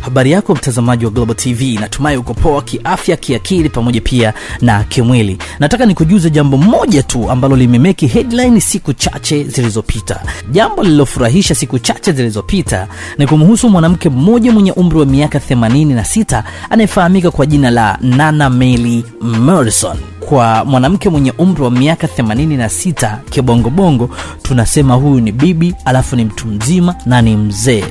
Habari yako mtazamaji wa Global TV, natumai uko poa kiafya, kiakili pamoja pia na kimwili. Nataka nikujuze jambo moja tu ambalo limemeki headline siku chache zilizopita. Jambo lililofurahisha siku chache zilizopita ni kumhusu mwanamke mmoja mwenye umri wa miaka 86 anayefahamika kwa jina la Nana Meli Morrison kwa mwanamke mwenye umri wa miaka 86 kibongobongo, tunasema huyu ni bibi, alafu ni mtu mzima na ni mzee.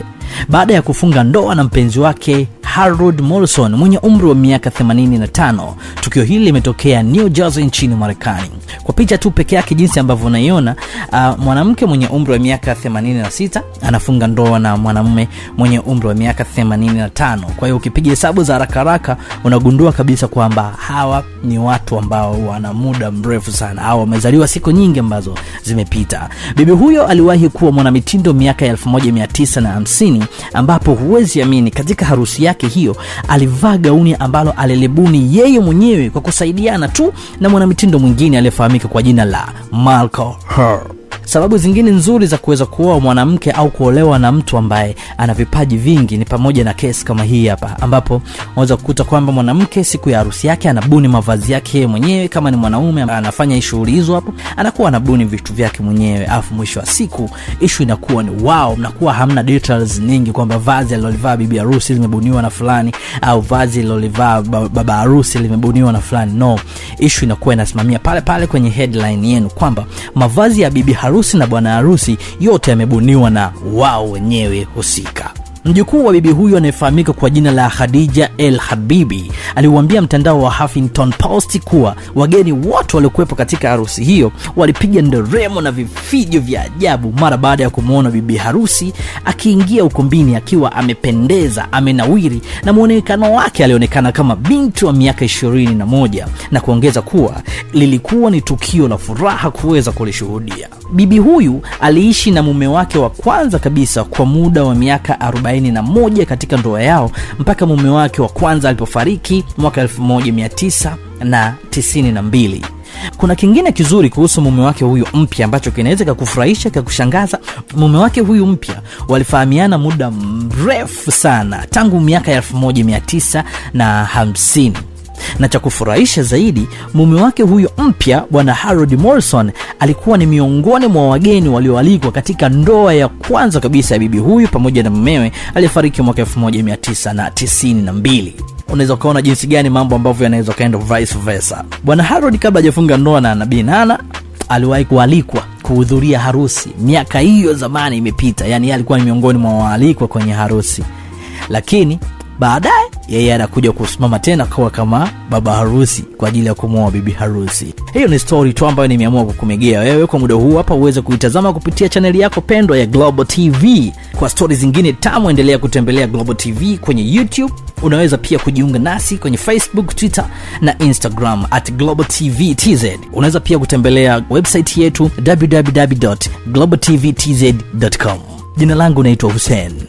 Baada ya kufunga ndoa na mpenzi wake Harold Molson mwenye umri wa miaka 85 Tukio hili limetokea New Jersey nchini Marekani. Kwa picha tu peke yake jinsi ambavyo unaiona, uh, mwanamke mwenye umri wa miaka 86 anafunga ndoa na mwanamume mwenye umri wa miaka 85. Kwa hiyo ukipiga hesabu za haraka haraka unagundua kabisa kwamba hawa ni watu ambao wana muda mrefu sana au wamezaliwa siku nyingi ambazo zimepita. Bibi huyo aliwahi kuwa mwanamitindo miaka ya 1950 ambapo huwezi amini, katika harusi yake hiyo alivaa gauni ambalo alilibuni yeye mwenyewe wenyewe kwa kusaidiana tu na mwanamitindo mwingine aliyefahamika kwa jina la Malco Her. Sababu zingine nzuri za kuweza kuoa mwanamke au kuolewa na mtu ambaye ana vipaji vingi ni pamoja na kesi kama hii hapa, ambapo unaweza kukuta kwamba mwanamke siku ya harusi yake anabuni mavazi yake yeye mwenyewe. Kama ni mwanaume anafanya shughuli hizo hapo, anakuwa anabuni vitu vyake mwenyewe, alafu mwisho wa siku ishu inakuwa ni wow, mnakuwa hamna details nyingi kwamba vazi alilolivaa bibi harusi limebuniwa na fulani au vazi alilolivaa baba harusi limebuniwa na fulani. No, ishu inakuwa inasimamia pale pale kwenye headline yenu kwamba mavazi ya bibi harusi harusi na bwana harusi, yote yamebuniwa na wao wenyewe husika. Mjukuu wa bibi huyo anayefahamika kwa jina la Khadija El Habibi aliuambia mtandao wa Huffington Post kuwa wageni wote waliokuwepo katika harusi hiyo walipiga nderemo na vifijo vya ajabu mara baada ya kumwona bibi harusi akiingia ukumbini akiwa amependeza, amenawiri na mwonekano wake alionekana kama binti wa miaka ishirini na moja na kuongeza kuwa lilikuwa ni tukio la furaha kuweza kulishuhudia. Bibi huyu aliishi na mume wake wa kwanza kabisa kwa muda wa miaka 41 katika ndoa yao mpaka mume wake wa kwanza alipofariki mwaka 1992. Kuna kingine kizuri kuhusu mume wake huyu mpya ambacho kinaweza kikakufurahisha kakushangaza Mume wake huyu mpya walifahamiana muda mrefu sana, tangu miaka ya 1950 na cha kufurahisha zaidi, mume wake huyo mpya Bwana Harold Morrison alikuwa ni miongoni mwa wageni walioalikwa katika ndoa ya kwanza kabisa ya bibi huyu pamoja na mumewe aliyefariki mwaka 1992. Unaweza ukaona jinsi gani mambo ambavyo yanaweza ukaenda vice versa. Bwana Harold kabla ajafunga ndoa na Nabii Nana aliwahi kualikwa kuhudhuria harusi. Miaka hiyo zamani imepita, yani alikuwa ni miongoni mwa waalikwa kwenye harusi, lakini baadaye yeye anakuja kusimama tena kuwa kama baba harusi kwa ajili ya kumwoa bibi harusi. Hiyo ni stori tu ambayo nimeamua kukumegea wewe kwa muda huu hapa, uweze kuitazama kupitia chaneli yako pendwa ya Global TV. Kwa stori zingine tamu, endelea kutembelea Global TV kwenye YouTube. Unaweza pia kujiunga nasi kwenye Facebook, Twitter na Instagram at Global TV TZ. Unaweza pia kutembelea website yetu www.globaltvtz.com. Jina langu naitwa Hussein.